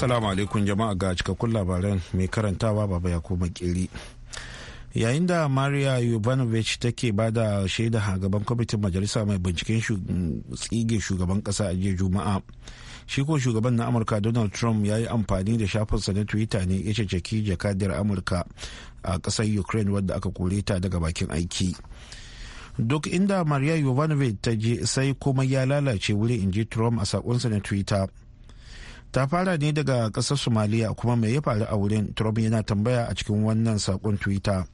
Assalamu alaikum jama'a ga cikakkun labaran mai karantawa baba ya koma kiri. Yayin da Maria Yovanovich take ba da shaida a gaban kwamitin majalisa mai binciken tsige shugaban kasa a jiya Juma'a. Shi ko shugaban na Amurka Donald Trump ya yi amfani da shafinsa na Twitter ne ya ceceki jakadiyar Amurka a ƙasar Ukraine wadda aka kore ta daga bakin aiki. duk inda maria yovanovich ta je sai kuma ya lalace wuri in ji trump a sakonsa na twitter ta fara ne daga ƙasar somaliya kuma mai ya faru a wurin trump yana tambaya a cikin wannan saƙon twitter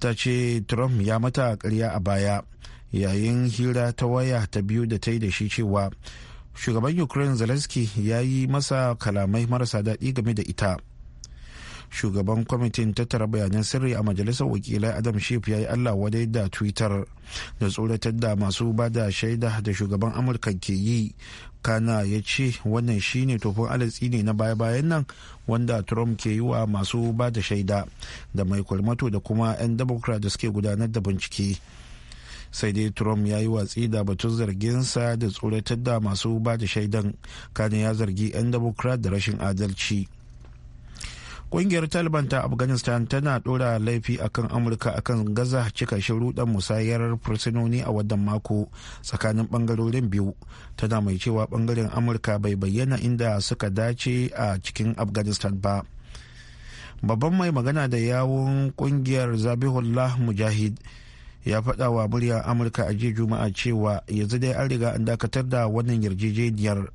ta ce trump ya mata karya a baya yayin hira ta waya ta biyu da ta yi da shi cewa shugaban ukraine zelensky ya yi masa kalamai marasa daɗi game da ita shugaban kwamitin tattara bayanan sirri a majalisar wakilai adam shif ya yi allah wadai da twitter da tsoratar da masu ba da shaida da shugaban amurka ke yi kana ya ce wannan shine tofin alatsi ne na baya-bayan nan wanda trump ke yi wa masu ba da shaida da mai kwalmato da kuma 'yan democrat da suke gudanar da bincike sai dai trump ya yi watsi da batun zarginsa da tsoratar da masu ba da shaidan kane ya zargi 'yan democrat da rashin adalci kungiyar Taliban ta Afghanistan tana dora laifi akan Amurka akan gaza cika shiruɗan musayar fursunoni a wannan mako tsakanin ɓangarorin biyu. Tana mai cewa ɓangaren Amurka bai bayyana inda suka dace a cikin Afghanistan ba. Babban mai magana da yawon kungiyar Zabihullah Mujahid. ya faɗa wa muryar amurka a jiya juma'a cewa yanzu dai an riga an dakatar da wannan yarjejeniyar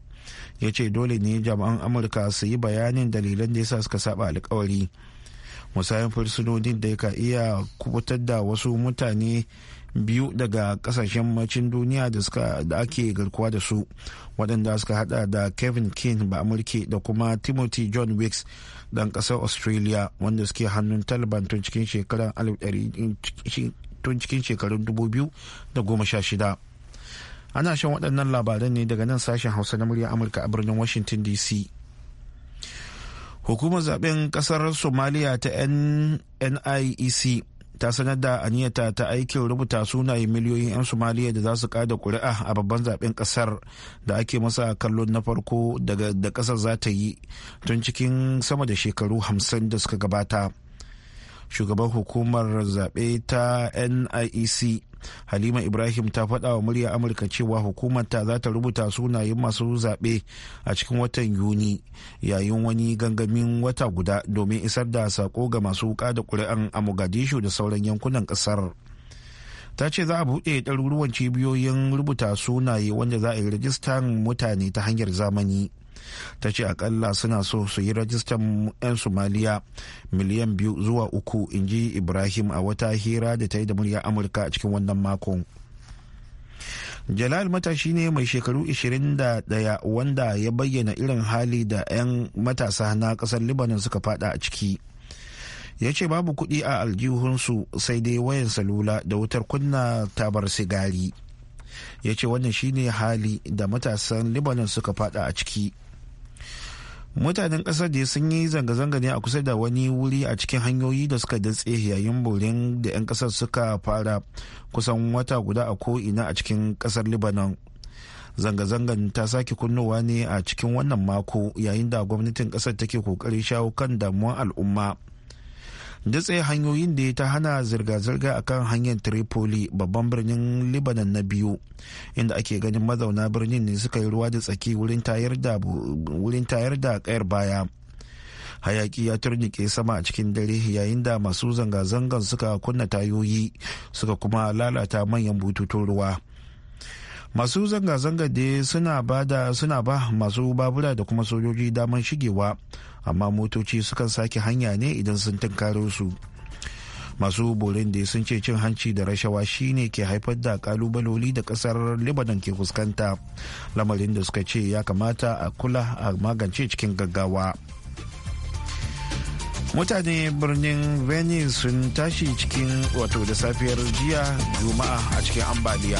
ya ce dole ne jama'an amurka su yi bayanin dalilan da yasa suka saba alkawari musayin fursunonin da ka iya kubutar da wasu mutane biyu daga kasashen macin duniya da ake garkuwa da su waɗanda suka hada da kevin king ba amurke da kuma timothy john wicks dan ƙasar australia wanda suke hannun taliban tun cikin shekarun 2016 ana shan waɗannan labaran ne daga nan sashen hausa na murya amurka a birnin washington dc hukumar zaben ƙasar somaliya ta niec ta sanar da aniyata ta aikin rubuta sunaye miliyoyin 'yan somaliya da za su kada kuri'a a babban zaben ƙasar da ake masa kallon na farko daga da ƙasar za ta yi tun cikin sama da shekaru 50 da suka gabata shugaban hukumar zaɓe ta niec halima ibrahim ta faɗa wa murya amurka cewa hukumarta za ta rubuta sunayen masu zaɓe a cikin watan yuni yayin wani gangamin wata guda domin isar da sako ga masu da ƙuri'an a mogadishu da sauran yankunan ƙasar ta ce za a buɗe ɗaruruwan cibiyoyin rubuta sunaye wanda za a yi rajistan mutane ta hanyar zamani. ta ce akalla suna so su yi rajistan 'yan somaliya miliyan biyu zuwa uku in ji ibrahim a wata hira da ta yi da murya amurka a cikin wannan makon jalal matashi ne mai shekaru 21 wanda ya bayyana irin hali da 'yan matasa na kasar libanon suka fada a ciki ya ce babu kuɗi a aljihunsu sai dai wayan salula da wutar kunna tabar sigari ya ce wannan shine hali da matasan libanon suka fada a ciki mutanen kasar da sun yi zanga-zanga ne a kusa da wani wuri a cikin hanyoyi da suka datse yayin borin da 'yan kasar suka fara kusan wata guda a ko'ina a cikin kasar libanon zanga-zangan ta sake kunnowa ne a cikin wannan mako yayin da gwamnatin kasar take kokarin shawo kan damuwar al'umma datse hanyoyin da ta hana zirga-zirga a kan hanyar tripoli babban birnin libanon na biyu inda ake ganin mazauna birnin ne suka yi ruwa da tsaki wurin tayar da kayar baya hayaki ya turnike sama a cikin dare yayin da masu zanga-zangan suka kunna tayoyi suka kuma lalata manyan bututun ruwa masu zanga-zanga da suna ba masu babura da kuma sojoji damar shigewa amma motoci sukan sake hanya ne idan sun tunkaro su masu borin da sun ce cin hanci da rashawa shine ke haifar da kalubaloli da kasar lebanon ke fuskanta lamarin da suka ce ya kamata a kula a magance cikin gaggawa mutane birnin venice sun tashi cikin wato da safiyar jiya juma'a a cikin ambaliya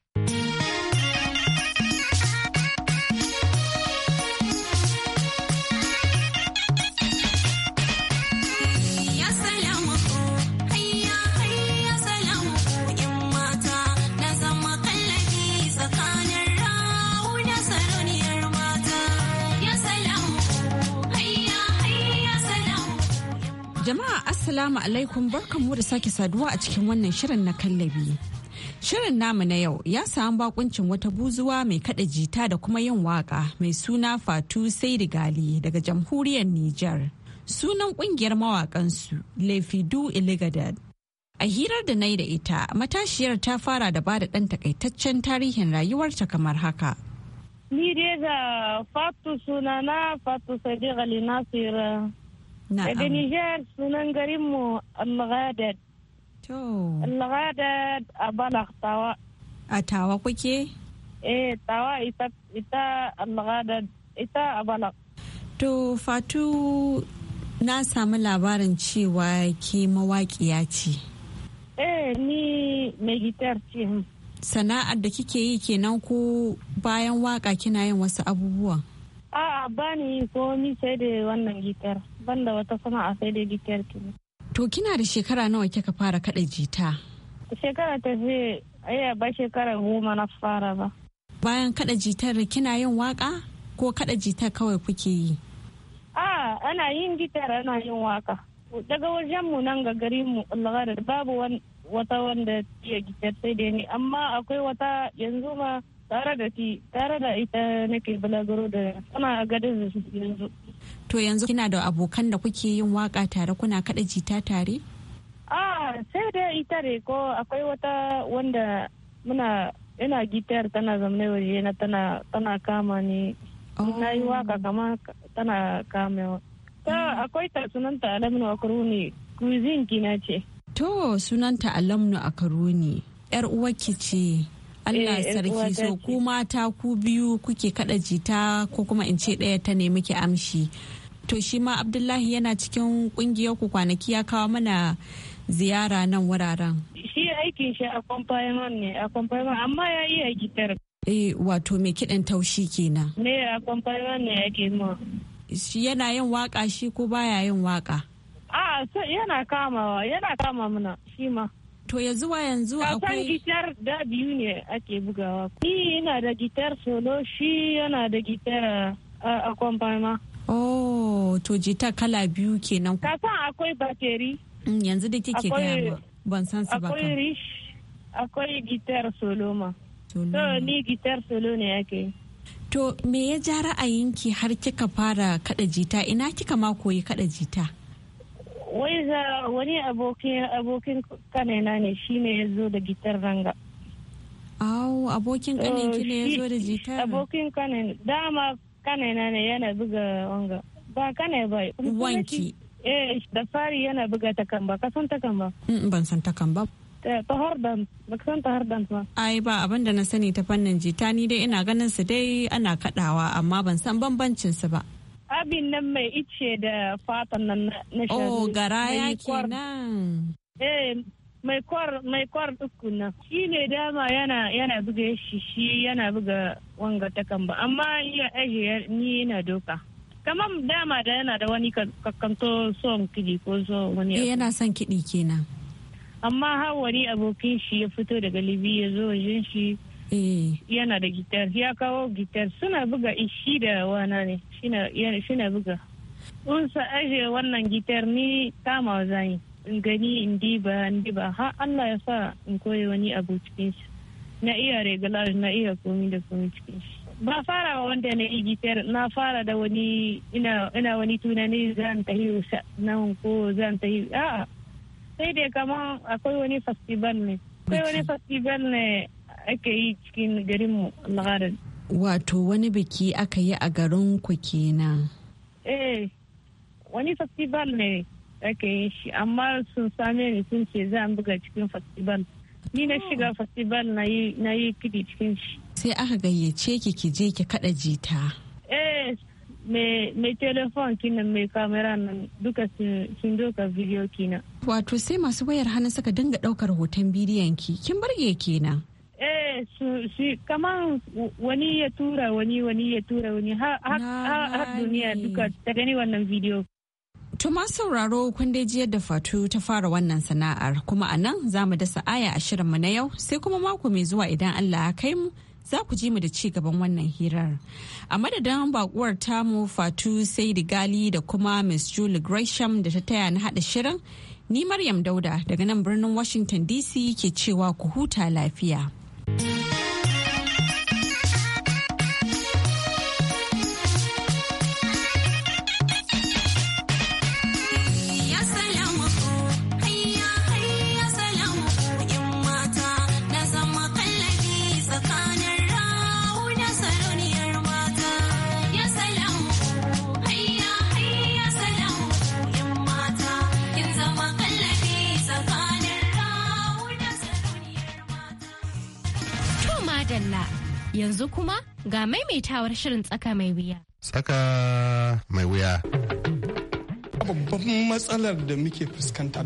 Assalamu alaikum barkanmu da sake saduwa a cikin wannan shirin na kallabi. Shirin namu na yau ya samu bakuncin wata buzuwa mai kada jita da kuma yin waka mai suna Fatu Saidi Gali daga jamhuriyar Nijar. Sunan kungiyar mawakansu Lefidu Iligadad. A hirar da na da ita, matashiyar ta fara da ba da ɗan takaitaccen tarihin rayuwarta kamar haka. Ni dai ga Fatu sunana Fatu sadi Ali Nasir Daga Nijar sunan garinmu Al-Ghadad. To. Al-Ghadad a Balak Tawa. A Tawa kuke? Eh Tawa ita ita Al-Ghadad ita a Balak. To Fatu na samu labarin cewa ke mawaƙiya ce. Eh ni mai gitar ce. Sana'ar da kike yi kenan ko bayan waka kina yin wasu abubuwa? A'a bani ni sai da wannan gitar. banda da wata sana'a sai dai gitar kini. To kina da shekara nawa kika fara kaɗa jita? Shekara ta je aya ba shekara goma na fara ba. Bayan kaɗa jitar kina yin waka ko kaɗa jitar kawai kuke yi? A ana yin gitar ana yin waka. Daga wajen mu nan ga garin mu babu wata wanda ya gitar sai dai ni amma akwai wata yanzu ma tare da ti tare da ita nake balaguro da tana a gadin da yanzu to yanzu kina da abokan da kuke yin waka tare kuna kada jita tare ah sai da ita ne ko akwai wata wanda muna ina gitar tana zamne waje na tana tana kama ni oh. na yi waka kama tana kamewa ta akwai ta sunanta alamun a karuni cuisine kina ce to sunanta alamnu a karuni yar ki ce Allah eh, sarki so ku mata ku biyu kuke kada jita ko kuma in ce ɗaya ta nemi ki amshi. To shi ma Abdullahi yana cikin kungiyar ku kwanaki ya kawo mana ziyara nan wuraren. Shi aikin shi a kwamfayaman ne a kwamfayaman amma ya aiki gitar. Eh wato me kiɗan taushi kenan. Me a kwamfayaman ne yake ma. Shi yana yin waka shi ko baya yin waka? A yana kamawa yana kama muna shi ma. To ya zuwa yanzu akwai... gitar da biyu ne ake bugawa. Ni yana da gitar solo shi yana da gitar a kwamfama. Oh, to jita kala biyu kenan. Ka san akwai bateri. Mm, yanzu da kike gaya ban san su ba Akwai rish, akwai gitar solo ma. To ni gitar solo ne ake. To me ya ja ra'ayinki har kika fara kada jita ina kika ma koyi kada jita? wai za wani abokin abokin kanina ne shi ne ya zo da gitar ranga awo abokin kanin ki ne ya zo da gitar abokin kanin dama kanina ne yana buga wanga ba kanai ba wanki eh da fari yana buga takamba ka san takamba mm, ban san takamba eh, ta hardan baka san ta hardan ba ai ba abin da na sani ta fannin jita ni dai ina ganin su dai ana kadawa amma ban san bambancin su ba abin nan mai ice da fatan nan na shanu. Oh, garaya kenan. Eh, mai kwar mai kwar nan. Shi ne dama yana yana buga shi shi yana buga wanga takan ba amma ya aje ni yana doka. Kamar dama da yana da wani kakkanto son kidi ko so wani. Eh yana son kidi kenan. Amma har wani abokin shi ya fito daga Libya ya zo wajen shi. Eh. yana da gitar ya kawo gitar suna buga ishi da wana ne shina buga in sa aje wannan gitar ni kama zani in gani in diba in diba ha Allah ya sa in koyi wani abu cikin shi na iya regular na iya komi da komi cikin shi ba fara wa wanda na yi gitar na fara da wani ina wani tunani zan tahi na ko zan yi a'a sai dai kama akwai wani festival ne akwai wani festival ne ake yi cikin garinmu lagarin wato wani biki aka yi a garin ku kenan eh wani festival ne ake yin shi amma sun same ni sun ce za buga cikin festival ni na shiga oh. festival na yi kidi cikin shi sai aka gayyace ki ki je ki kada jita eh mai telefon kinan mai kamera nan duka sun doka video kina wato sai masu wayar hannu suka dinga daukar hoton bidiyon ki kin burge kenan eh su wani ya tura wani ya tura wani har duniya duka ta wannan bidiyo To sauraro kun dai jiyar da fatu ta fara wannan sana'ar kuma a nan za mu dasa aya a shirinmu na yau sai kuma mako mai zuwa idan Allah ya kai mu za ku ji mu da ci gaban wannan hirar. A madadin bakuwar tamu fatu sai gali da kuma Miss Julie Gresham da ta taya na hada shirin ni Maryam Dauda daga nan birnin Washington DC ke cewa ku huta lafiya. Bye. yanzu kuma ga maimaitawar shirin tsaka mai wuya. Tsaka mai wuya. babban matsalar da muke fuskanta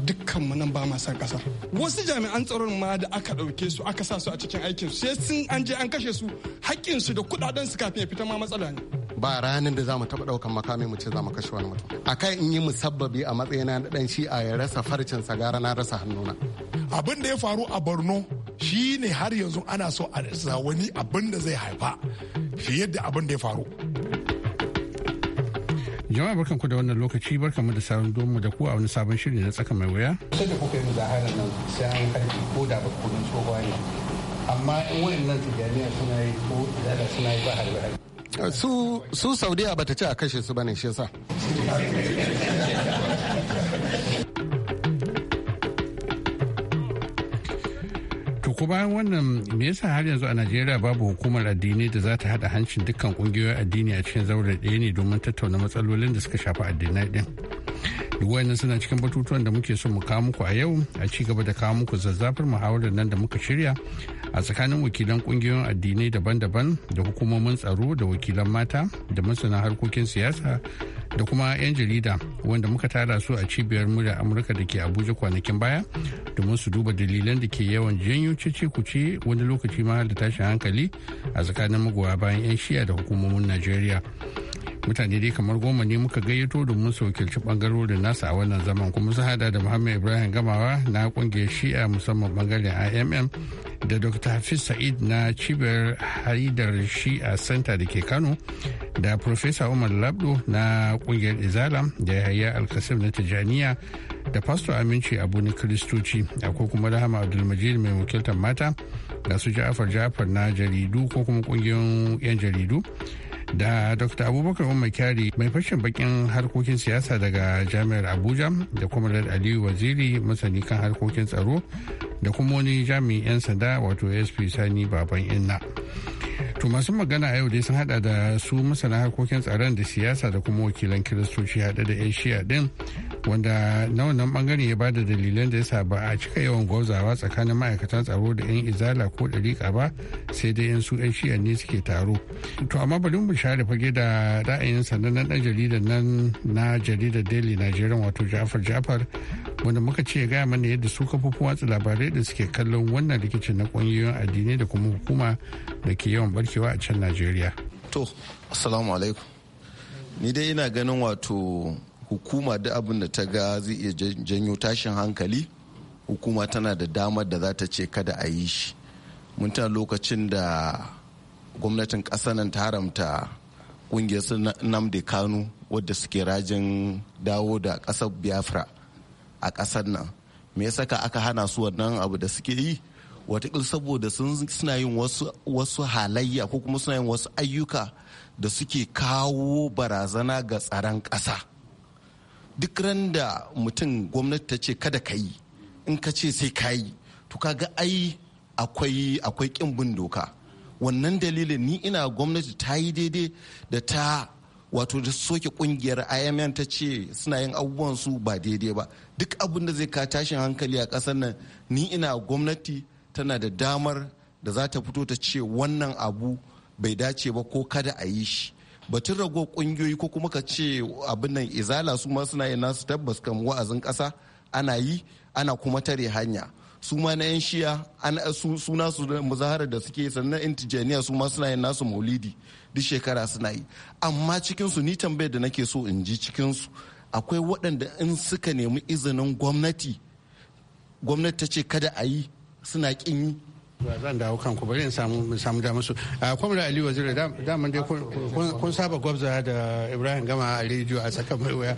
mu nan ba ma san kasar wasu jami'an tsaron ma da aka ɗauke su aka sa su a cikin aikin su sai sun an je an kashe su haƙƙin su da kuɗaɗen su kafin ya fita ma matsala ne ba ranar da za mu taɓa ɗaukan makami mu ce za mu kashe wani mutum a kai in yi musabbabi a matsayina na ɗan a ya rasa farcin gara na rasa hannuna abin da ya faru a borno shi ne har yanzu ana so a rasa wani abin da zai haifa fiye da abin da ya faru jama'a barkan ku da wannan lokaci barkan mu da sabon domu da ku a wani sabon shiri na tsaka mai wuya sai da kuka yi zaharar nan sai an karfi ko da ba kudin tsohuwa ne amma in wayannan tijaniya suna yi ko da suna yi ba harbe harbe su saudiya bata ci a kashe su ba ne shi yasa ko bayan wannan me yasa har yanzu a Najeriya babu hukumar addinai da za ta haɗa hancin dukkan ƙungiyoyin addini a cikin zaure ɗaya ne domin tattauna matsalolin da suka shafi addinai ɗin. Duk suna cikin batutuwan da muke son mu kawo muku a yau a ci gaba da kawo muku zazzafar muhawarar nan da muka shirya a tsakanin wakilan kungiyoyin addinai daban-daban da hukumomin tsaro da wakilan mata da masana harkokin siyasa da kuma 'yan jarida wanda muka tara su a cibiyar murya amurka da ke abuja kwanakin baya domin su duba dalilan da ke yawan janyo cece kuce wani lokaci ma da tashin hankali a tsakanin magoya bayan 'yan shiya da hukumomin najeriya mutane dai kamar goma ne muka gayyato domin su wakilci bangarorin nasa a wannan zaman kuma sun hada da muhammad ibrahim gamawa na kungiyar shi'a musamman bangaren imm da dr hafiz sa'id na cibiyar haidar shi'a center da ke kano da professor umar labdo na kungiyar izalam da yahaya alkasim na tijaniya da pastor aminci abu ni kiristoci akwai kuma rahama abdulmajid mai wakiltar mata da su ja'afar ja'afar na jaridu ko kuma kungiyar 'yan jaridu da dr abubakar umar kyari mai fashin bakin harkokin siyasa daga jami'ar abuja da kuma aliyu waziri masani kan harkokin tsaro da kuma wani jami'in 'yan sanda wato sp sani baban inna To masu magana yau dai sun hada da su masana harkokin tsaron da siyasa da kuma wakilan kiristoci hada da 'yan shiya din wanda na wannan bangaren ya bada dalilan da yasa ba a cika yawan gwauzawa tsakanin ma'aikatan tsaro da 'yan izala ko dariƙa ba sai dai 'yan su 'yan shiya ne suke taro. To amma bari mu share fage da ra'ayin sanannen dan jaridar nan na jaridar Daily Nigerian wato Jafar Jafar wanda muka ce ya gaya mana yadda su kafofin watsa labarai da suke kallon wannan rikici na ƙungiyoyin addini da kuma hukuma da ke yawan barkewa a can najeriya to assalamu alaikum ni dai ina ganin wato hukuma da abin da ta ga zai iya janyo tashin hankali hukuma tana da damar da za ta ce kada a yi shi mun tana lokacin da gwamnatin ƙasa nan ta haramta ƙungiyar su namde kanu wadda suke rajin dawo da ƙasar biafra a ƙasar nan me ya saka aka hana su wannan abu da suke yi watakil saboda suna yin wasu halayya ko kuma suna yin wasu ayyuka da suke kawo barazana ga tsaron ƙasa duk ran da mutum gwamnati ta ce kada ka yi in ka ce sai ka yi to kaga ai akwai akwai kin bin doka wannan dalilin ni ina gwamnati ta yi daidai da ta wato da soke kungiyar imn ta ce suna yin abubuwan su ba daidai ba duk abin da zai ka tashin hankali a ƙasar nan ni ina gwamnati tana da damar da za ta fito ta ce wannan abu bai dace ba ko kada a yi shi batun rago kungiyoyi ko kuma ka ce abin nan izala su ma suna yin nasu tabbas kan wa'azin ƙasa ana yi ana kuma tare hanya su ma na 'yan shiya an suna su muzaharar da suke sannan 'yan tijaniya su ma suna yin nasu maulidi duk shekara suna yi amma cikinsu ni tambayar da nake so in ji cikinsu akwai waɗanda in suka nemi izinin gwamnati gwamnati ta ce kada a yi suna ƙin yi zan dawo kanku bari in samu samu da musu a ah, kwamra ali da daman dai kun saba gwabza da ibrahim gama a rediyo a tsakan mai waya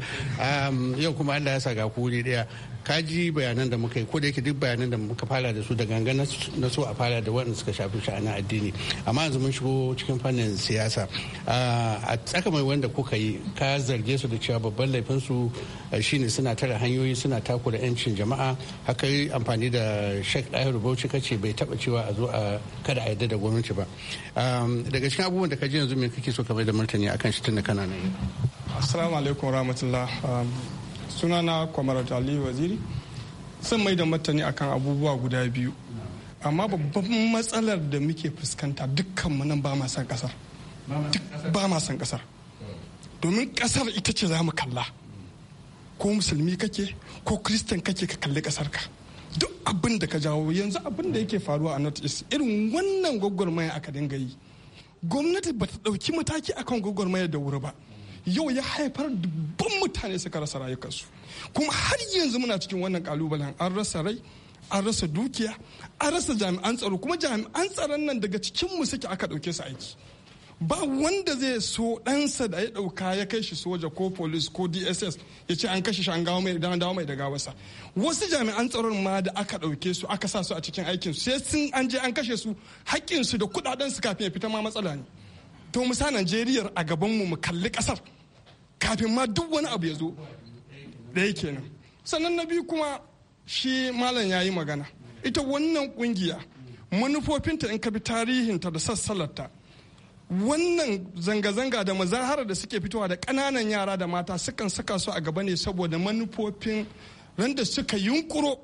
yau kuma allah ya saga ku wuri daya ka ji bayanan da muka yi ko da yake duk bayanan da muka fara da su da gangan na so a fara da waɗanda suka shafi sha'anin addini amma yanzu mun shigo cikin fannin siyasa ah, a tsaka mai wanda kuka yi ka zarge su da cewa babban laifin su eh, shine suna tara hanyoyi suna takura 'yancin jama'a haka yi amfani da shek ɗaya bauchi kace bai taɓa cewa a zo a kada a yadda da gwamnati ba um, daga cikin abubuwan da ka ji yanzu me kake so ka bai da martani akan shi tunda kana nan assalamu alaikum rahmatullah um, sunana kwamar ali waziri zan mai da martani akan abubuwa guda biyu amma babban matsalar da muke fuskanta dukkanmu nan ba ma san kasar ba ma san kasar domin kasar ita ce za mu kalla ko musulmi kake ko kristan kake ka kalli kasar ka duk abin da ka jawo yanzu abin da yake faruwa a north east irin wannan gwagwarmaya aka dinga yi gwamnati ba ta ɗauki mataki akan gwagwarmaya da wuri ba yau ya haifar dubban mutane suka rasa rayukansu kuma har yanzu muna cikin wannan kalubalen an rasa rai an rasa dukiya an rasa jami'an tsaro kuma jami'an tsaron nan daga cikin mu suke aka ɗauke su aiki ba wanda zai so ɗansa da ya ɗauka ya kai shi soja ko polis ko dss ya ce an kashe shi an gawo mai dawo mai da gawarsa wasu jami'an tsaron ma da aka ɗauke su aka sa su a cikin aikin su sai sun an je an kashe su su da kuɗaɗen su kafin ya fita ma matsala ne to mu sa najeriya a gaban mu mu kalli ƙasar kafin ma duk wani abu ya zo ɗaya kenan sannan na biyu kuma shi malam ya yi magana ita wannan ƙungiya manufofinta in ka bi tarihinta da sassalarta wannan zanga-zanga da mazahara da suke fitowa da ƙananan yara da mata sukan saka su a gaba ne saboda manufofin randa suka yunkuro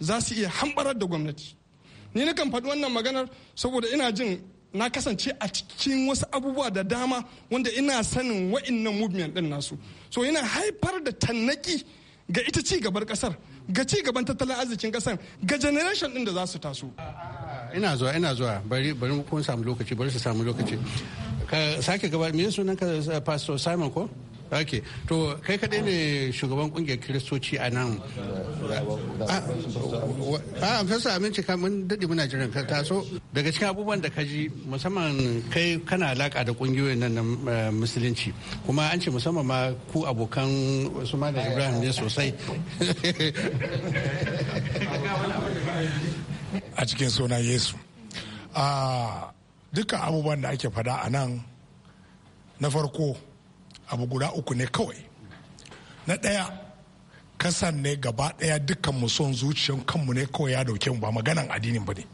za su iya hambarar da gwamnati ni nakan faɗi wannan maganar saboda ina jin na kasance a cikin wasu abubuwa da dama wanda ina sanin wa'innan movement din nasu so ina haifar da tannaki ga ita ci gabar kasar ga ci gaban tattalin arzikin kasar ga generation din da za su taso ina zuwa ina zuwa bari bari mu kun samu lokaci bari su samu lokaci ka sake gaba me sunan ka eh, pastor Simon ko ok to kai kaɗai ne shugaban kungiyar kiristoci a nan ah, a ah, fasa aminci kamun daɗi muna jiran ka taso daga cikin abubuwan da ka ji musamman kai kana alaƙa da ƙungiyoyin nan na eh, musulunci kuma an ce musamman ma ku abokan su da ibrahim ne sosai a cikin sunan yesu a dukkan abubuwan da ake fada a nan na farko abu guda uku ne kawai na ɗaya kasan ne gaba ɗaya dukkan mu son zuciyan kanmu ne kawai ya dauke mu ba maganan addinin ba ne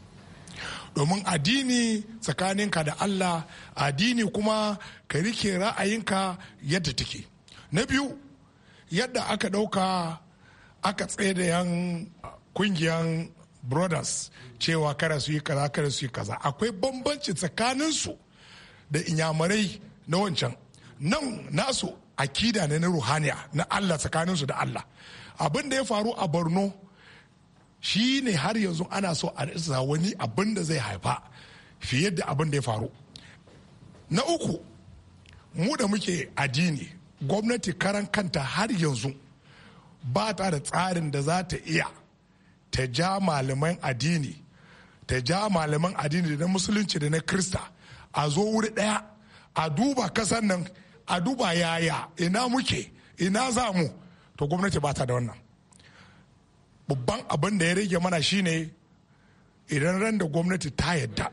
domin addini tsakaninka da allah addini kuma ka rike ra'ayinka yadda take na biyu yadda aka ɗauka aka tsaye da yan kungiyan brothers cewa kada su yi kaza kada su yi kaza akwai bambanci su da inyamurai na wancan nan nasu akida ne na ruhaniya na allah tsakanin su da allah abin da ya faru a borno shi ne har yanzu ana so a isa wani abin da zai haifa fiye da abin da ya faru na uku mu da muke addini gwamnati karan kanta har yanzu ba ta da tsarin da za ta iya ta ja malaman addini ta ja malaman addini da na musulunci da na krista a zo wuri ɗaya a duba kasan nan a duba yaya ina muke ina za mu to gwamnati ba ta da wannan babban abin da ya rage mana shine idan ran da gwamnati ta yadda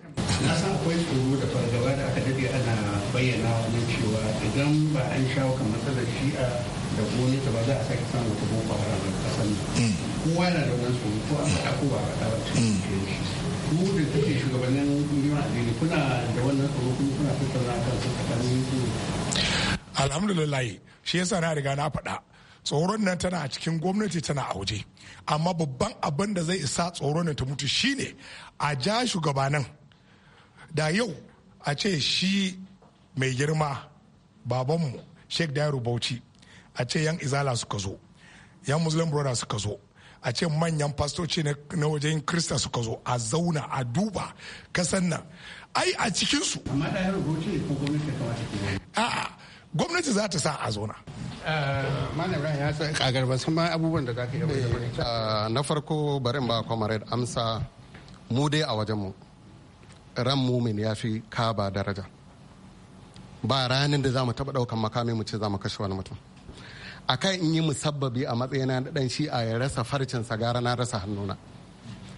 na san akwai tsoro da fargaba da aka daɗe ana bayyana cewa idan ba an shawo kan matsalar shi'a da gonin ta ba za a sake samun wata boko haram a kasan nan mm. kowa yana da wannan tsoro ko a faɗa ko ba a faɗa ba mm. ku da kuke shugabannin miliyon addini kuna da wannan tsoro kuma kuna tattauna kan su tsakanin ku alhamdulillah shi yasa na riga na faɗa tsoron nan tana a cikin gwamnati tana a waje amma babban abin da zai isa tsoron nan ta mutu shine a ja shugabanin da yau a ce shi mai girma babanmu sheik dairu bauchi a ce yan izala suka zo yan muslim brothers suka zo a ce manyan fastoci na wajen krista suka zo a zauna a duba kasan nan ai a cikinsu a'a gwamnati za ta sa a zauna eh, ya abubuwan da za ka eh, eh, Na farko barin ba comrade amsa mu dai a wajenmu ran mumin ya fi kaba daraja. Ba ranin da za mu taɓa ɗaukan makami mu ce za mu kashe wani mutum. A akan in yi musabbabi a matsayina na dan shi'a ya rasa farcin gara na rasa hannuna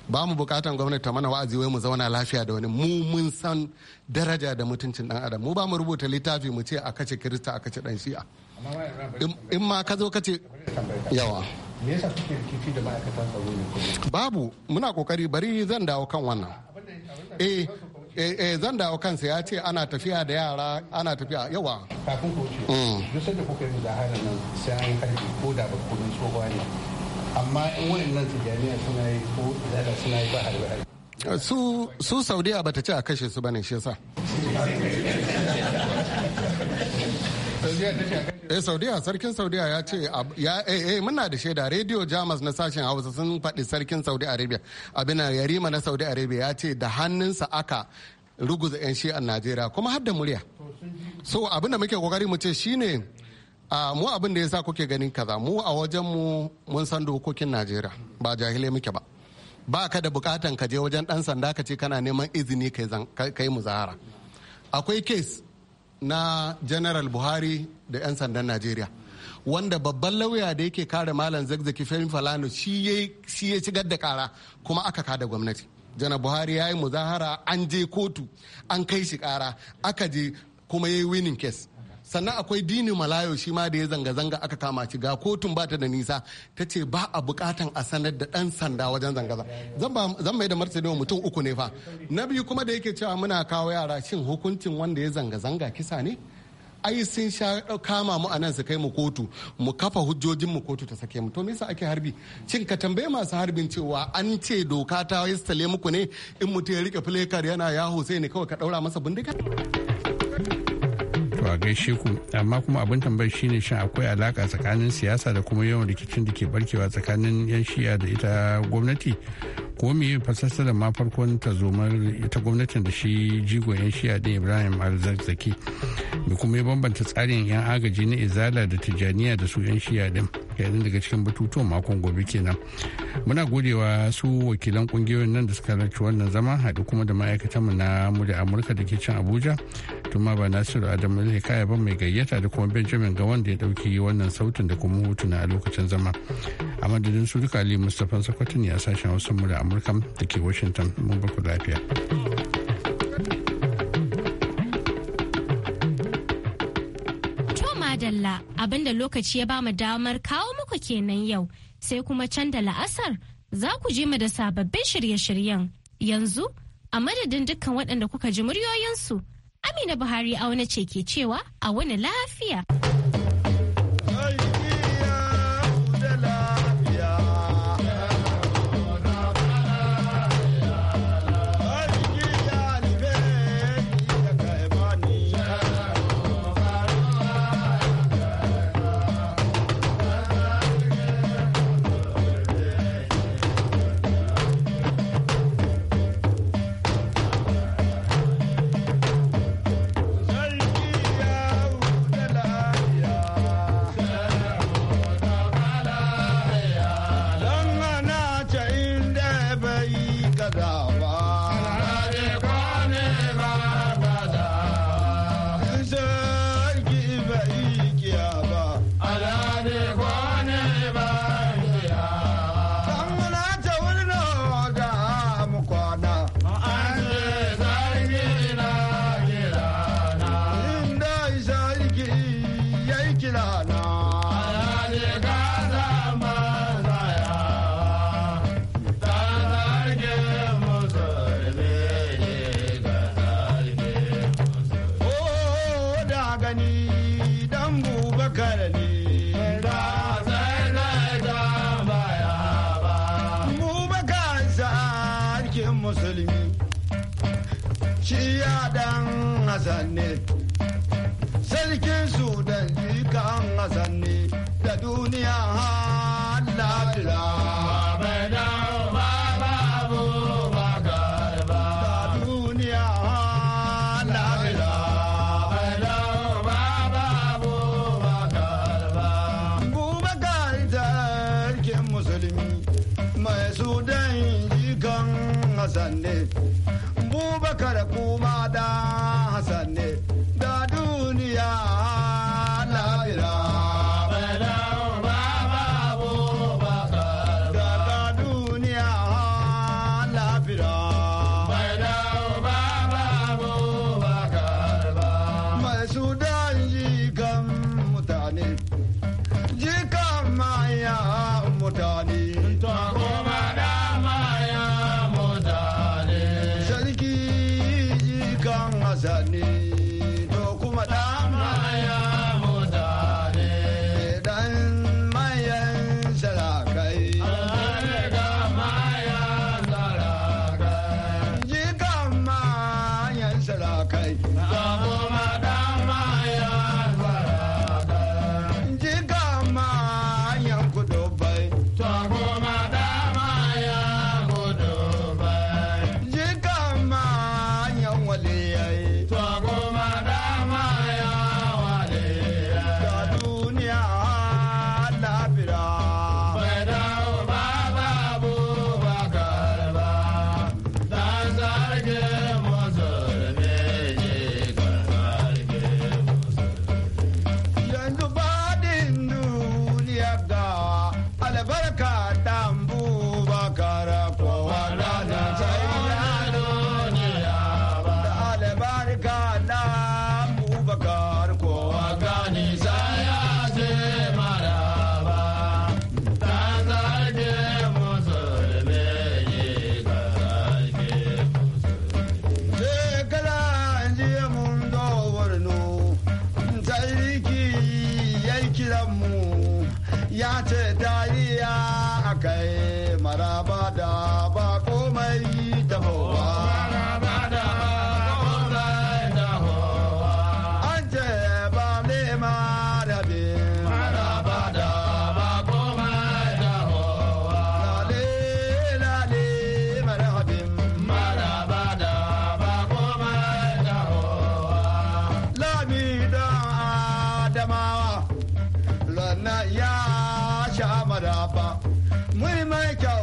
ba mu bukatan gwamnati ta mana wa'azi wai mu zauna lafiya da wani mu mun san daraja da mutuncin dan adam mu ba mu rubuta littafi mu ce a kace kirista a kace dan shi'a in ma ka zo kace yawa babu muna kokari bari zan dawo kan wannan eh Eh, eh zan dawo kansa ya ce ana tafiya da yara ana tafiya yawa kafin ku ce mm. duk da kuka yi muzaharar nan sai an karbi ko da ba kudin tsohuwa ne amma in wa'annan jami'a suna yi ko da suna yi ba harbe harbe su su saudiya bata ce a kashe su bane shi yasa Eh Saudiya sarkin Saudiya ya ce ya eh, eh muna da shaida Radio Jamus na sashen Hausa sun faɗi sarkin Saudi Arabia abin yarima na Saudi Arabia ya ce da hannunsa aka ruguza 'yan shi'an Najeriya kuma har da murya. So abin da muke kokari mu ce shine mu abin da yasa kuke ganin kaza mu a wajen mu mun san dokokin Najeriya ba jahilai muke ba. ba ka da bukatan ka je wajen dan sanda ka ce kana neman izini ka yi muzahara akwai kes na general buhari da 'yan sandan najeriya wanda babban lauya da yake kare malam zagzaki fahim falano shi ya shigar da kara kuma aka kada gwamnati janar buhari ya yi muzahara an je kotu an kai shi kara aka je kuma ya yi winning case sannan akwai dini malayo shi ma da ya zanga-zanga aka kama shi ga kotun ba ta da nisa ta ce ba a bukatan a sanar da dan sanda wajen zanga-zanga zan mai da martani wa mutum uku ne fa na biyu kuma da yake cewa muna kawo yara shin hukuncin wanda ya zanga-zanga kisa ne ai sun sha kama mu a nan su kai mu kotu mu kafa hujjojin mu kotu ta sake mu to me ake harbi cin ka tambaye masu harbin cewa an ce doka ta yastale muku ne in mutum ya rike filekar yana yaho sai ne kawai ka daura masa bindiga ba gaishe ku amma kuma abin tambayar shine shin akwai alaka tsakanin siyasa da kuma yawan rikicin da ke barkewa tsakanin 'yan shi'a da ita gwamnati ko me fasasta da ma farkon tazomar ita gwamnatin da shi yan shiya din ibrahim alzazzaki da kuma ya bambanta tsarin yan agaji na izala da tijaniya da su yan shiya din yayin daga cikin batutuwan makon gobe kenan muna godewa su wakilan kungiyoyin nan da suka halarci wannan zama haɗu kuma da ma'aikatan mu na mu da amurka da ke can abuja tuma ba nasiru adamu ne kaya ba mai gayyata da kuma benjamin ga wanda ya ɗauki wannan sautin da kuma hotuna a lokacin zama a madadin su duka ali mustapha sakwatin ya sashen wasu mu da amurka da ke washington mun baku lafiya madalla abinda lokaci ya ba mu damar kawo muku kenan yau sai kuma can da la'asar za ku je mu da sababbin shirye-shiryen yanzu a madadin dukkan waɗanda kuka ji muryoyinsu amina buhari auna ce ke cewa a wani lafiya. sarkin musulmi shi ya dan hasan sarkin sudan jikan hasan da duniya har Muy make. hecho.